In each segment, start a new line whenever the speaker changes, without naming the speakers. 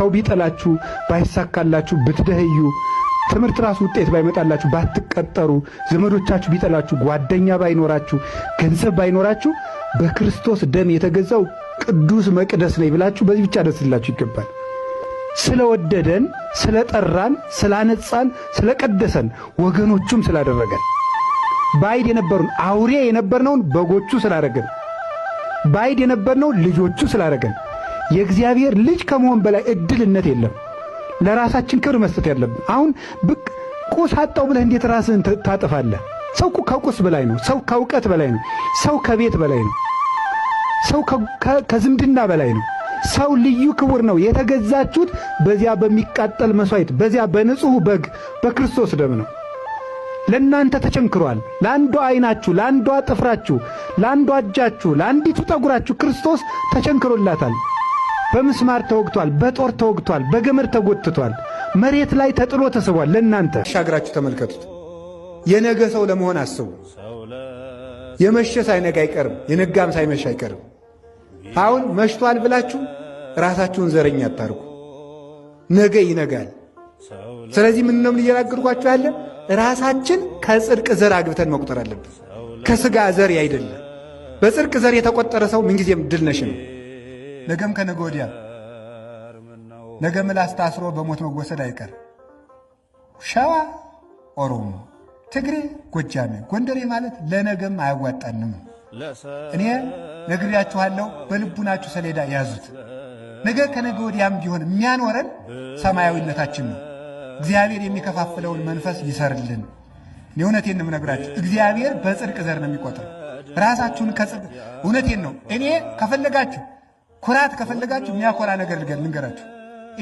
ሰው ቢጠላችሁ፣ ባይሳካላችሁ፣ ብትደህዩ፣ ትምህርት ራሱ ውጤት ባይመጣላችሁ፣ ባትቀጠሩ፣ ዘመዶቻችሁ ቢጠላችሁ፣ ጓደኛ ባይኖራችሁ፣ ገንዘብ ባይኖራችሁ በክርስቶስ ደም የተገዛው ቅዱስ መቅደስ ነኝ ብላችሁ በዚህ ብቻ ደስ ሊላችሁ ይገባል። ስለወደደን፣ ስለጠራን፣ ስላነጻን፣ ስለቀደሰን ወገኖቹም ስላደረገን ባይድ የነበሩን አውሬ የነበርነውን በጎቹ ስላደረገን ባይድ የነበርነውን ልጆቹ ስላደረገን የእግዚአብሔር ልጅ ከመሆን በላይ እድልነት የለም። ለራሳችን ክብር መስጠት ያለብን አሁን ብቅ ቁስ አጣው ብለህ እንዴት ራስህን ታጥፋለህ? ሰው ከቁስ በላይ ነው። ሰው ከእውቀት በላይ ነው። ሰው ከቤት በላይ ነው። ሰው ከዝምድና በላይ ነው። ሰው ልዩ ክቡር ነው። የተገዛችሁት በዚያ በሚቃጠል መሥዋዕት፣ በዚያ በንጹሕ በግ በክርስቶስ ደም ነው። ለእናንተ ተቸንክሯል። ለአንዷ ዐይናችሁ፣ ለአንዷ ጥፍራችሁ፣ ለአንዷ እጃችሁ፣ ለአንዲቱ ጠጉራችሁ ክርስቶስ ተቸንክሮላታል። በምስማር ተወግቷል፣ በጦር ተወግቷል፣ በገመድ ተጎትቷል፣ መሬት ላይ ተጥሎ ተስቧል። ለእናንተ
ሻግራችሁ ተመልከቱት። የነገ ሰው ለመሆን አስቡ። የመሸ ሳይነጋ አይቀርም፣ የነጋም ሳይመሽ አይቀርም። አሁን መሽቷል ብላችሁ ራሳችሁን ዘረኛ አታርጉ። ነገ ይነጋል። ስለዚህ ምን ነው እየናገርኳችሁ ያለ ራሳችን ከጽድቅ ዘር አግብተን መቁጠር አለብን። ከስጋ ዘር አይደለም። በጽድቅ ዘር የተቆጠረ ሰው ምንጊዜም ድል ነሽ ነው። ነገም ከነገ ወዲያ ነገ ምላስ ታስሮ በሞት መወሰድ አይቀር። ሸዋ ኦሮሞ፣ ትግሬ ጎጃሜ፣ ጎንደሬ ማለት ለነገም አያዋጣንም። እኔ ነግሪያችኋለሁ፣ በልቡናችሁ ሰሌዳ ያዙት። ነገ ከነገ ወዲያም ቢሆን የሚያኖረን ሰማያዊነታችን ነው። እግዚአብሔር የሚከፋፍለውን መንፈስ ይሰርልን። እውነቴን ነው የምነግራችሁ። እግዚአብሔር በጽድቅ ዘር ነው የሚቆጥረው። ራሳችሁን ከጽድቅ እውነቴን ነው እኔ ከፈለጋችሁ ኩራት ከፈለጋችሁ የሚያኮራ ነገር ልንገራችሁ።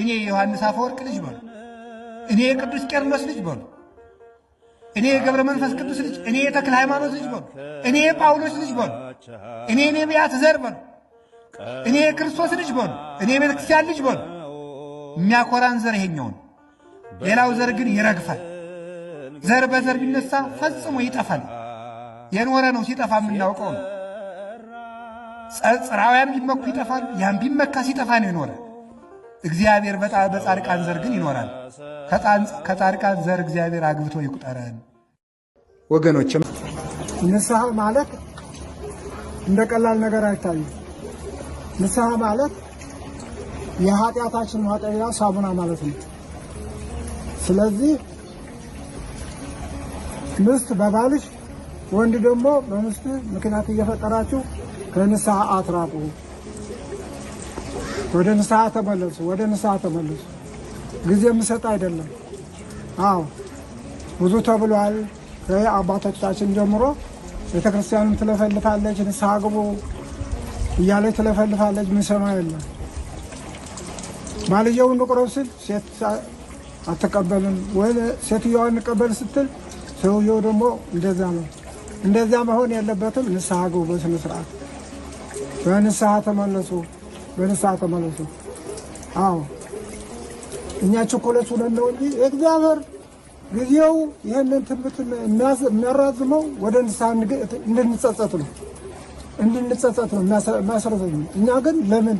እኔ የዮሐንስ አፈወርቅ ልጅ በሉ፣ እኔ የቅዱስ ቄርሎስ ልጅ በሉ፣ እኔ የገብረ መንፈስ ቅዱስ ልጅ፣ እኔ የተክለ ሃይማኖት ልጅ በሉ፣ እኔ የጳውሎስ ልጅ በሉ፣ እኔ የነቢያት ዘር በሉ፣ እኔ የክርስቶስ ልጅ በሉ፣ እኔ የቤተክርስቲያን ልጅ በሉ። የሚያኮራን ዘር ይሄኛውን፣ ሌላው ዘር ግን ይረግፋል። ዘር በዘር ቢነሳ ፈጽሞ ይጠፋል። የኖረ ነው ሲጠፋ የምናውቀው ነው። ጸጽራውያን ቢመኩ ይጠፋል፣ ያን ቢመካስ ይጠፋ ነው ይኖረ እግዚአብሔር በጻድቃን ዘር ግን ይኖራል። ከጻድቃን ዘር እግዚአብሔር አግብቶ ይቁጠረን።
ወገኖችም
ንስሐ ማለት እንደ ቀላል ነገር አይታይም። ንስሐ ማለት የኃጢአታችን ማጠቢያ ሳሙና ማለት ነው። ስለዚህ ምስት በባልሽ ወንድ ደግሞ በምስት ምክንያት እየፈጠራችሁ ከንስሐ አትራቁ፣ ወደ ንስሐ ተመለሱ፣ ወደ ንስሐ ተመለሱ። ጊዜ የምሰጥ አይደለም። አዎ ብዙ ተብሏል። ከአባቶቻችን ጀምሮ ቤተ ክርስቲያንም ትለፈልፋለች፣ ንስሐ ግቡ እያለች ትለፈልፋለች። ምንሰማ የለም። ባልየውን ንቁረብ ስል ሴት አትቀበልም ወይ ሴትዮዋን እንቀበል ስትል ሰውየው ደግሞ እንደዛ ነው። እንደዛ መሆን ያለበትም ንስሐ ግቡ በስነ ስርዓት በንስሐ ተመለሱ፣ በንስሐ ተመለሱ። አዎ እኛ ቸኮሎች ሁነን ነው እንጂ እግዚአብሔር ጊዜው ይህንን ትምህርት የሚያራዝመው ወደ ንስሐ እንድንጸጸት ነው እንድንጸጸት ነው የሚያስረዘኝ። እኛ ግን ለምን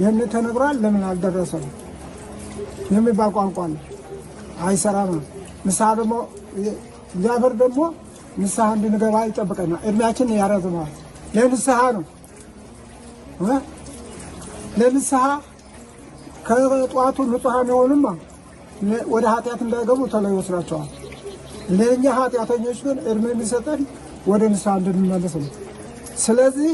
ይህን ተነግሯል ለምን አልደረሰም የሚባል ቋንቋ ነው፣ አይሰራም። ንስሐ ደግሞ እግዚአብሔር ደግሞ ንስሐ እንድንገባ ይጠብቀናል። እድሜያችን ያረዝመዋል ለንስሐ ነው። ለንስሐ ከጠዋቱ ንጹሐን የሆኑማ ወደ ኃጢአት እንዳይገቡ ተለው ይወስዳቸዋል። ለእኛ ኃጢአተኞች ግን እድሜ የሚሰጠን ወደ ንስሐ እንድንመለስ ነው። ስለዚህ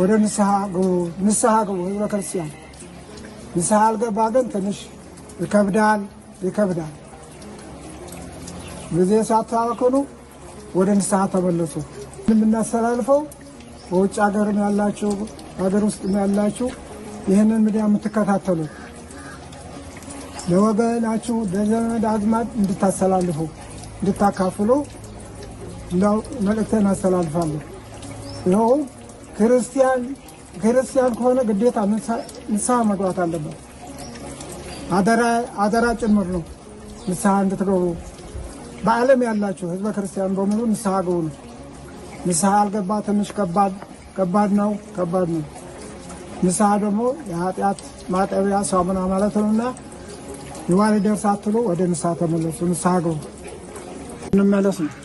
ወደ ንስሐ ግቡ፣ ንስሐ ግቡ ህብረ ክርስቲያን። ንስሐ አልገባ ግን ትንሽ ይከብዳል፣ ይከብዳል። ጊዜ ሳታባክኑ ወደ ንስሐ ተመለሱ። የምናስተላልፈው በውጭ ሀገርም ያላችሁ ሀገር ውስጥም ያላችሁ ይህንን ሚዲያ የምትከታተሉ ለወገናችሁ ለዘመድ አዝማድ እንድታስተላልፉ እንድታካፍሉ እንዳው መልእክትን አስተላልፋለሁ። ይኸው ክርስቲያን ክርስቲያን ከሆነ ግዴታ ንስሐ መግባት አለበት። አደራ ጭምር ነው። ንስሐ እንድትገቡ በዓለም ያላችሁ ህዝበ ክርስቲያን በሙሉ ንስሐ ግቡ ነው። ንስሐ ያልገባ ትንሽ ከባድ ከባድ ነው ከባድ ነው። ንስሐ ደግሞ የኃጢአት ማጠቢያ ሳሙና ማለት ነውና ይዋል ደርሳትሎ ወደ ንስሐ ተመለሱ። ንስሐ ግቡ እንመለስ ነው።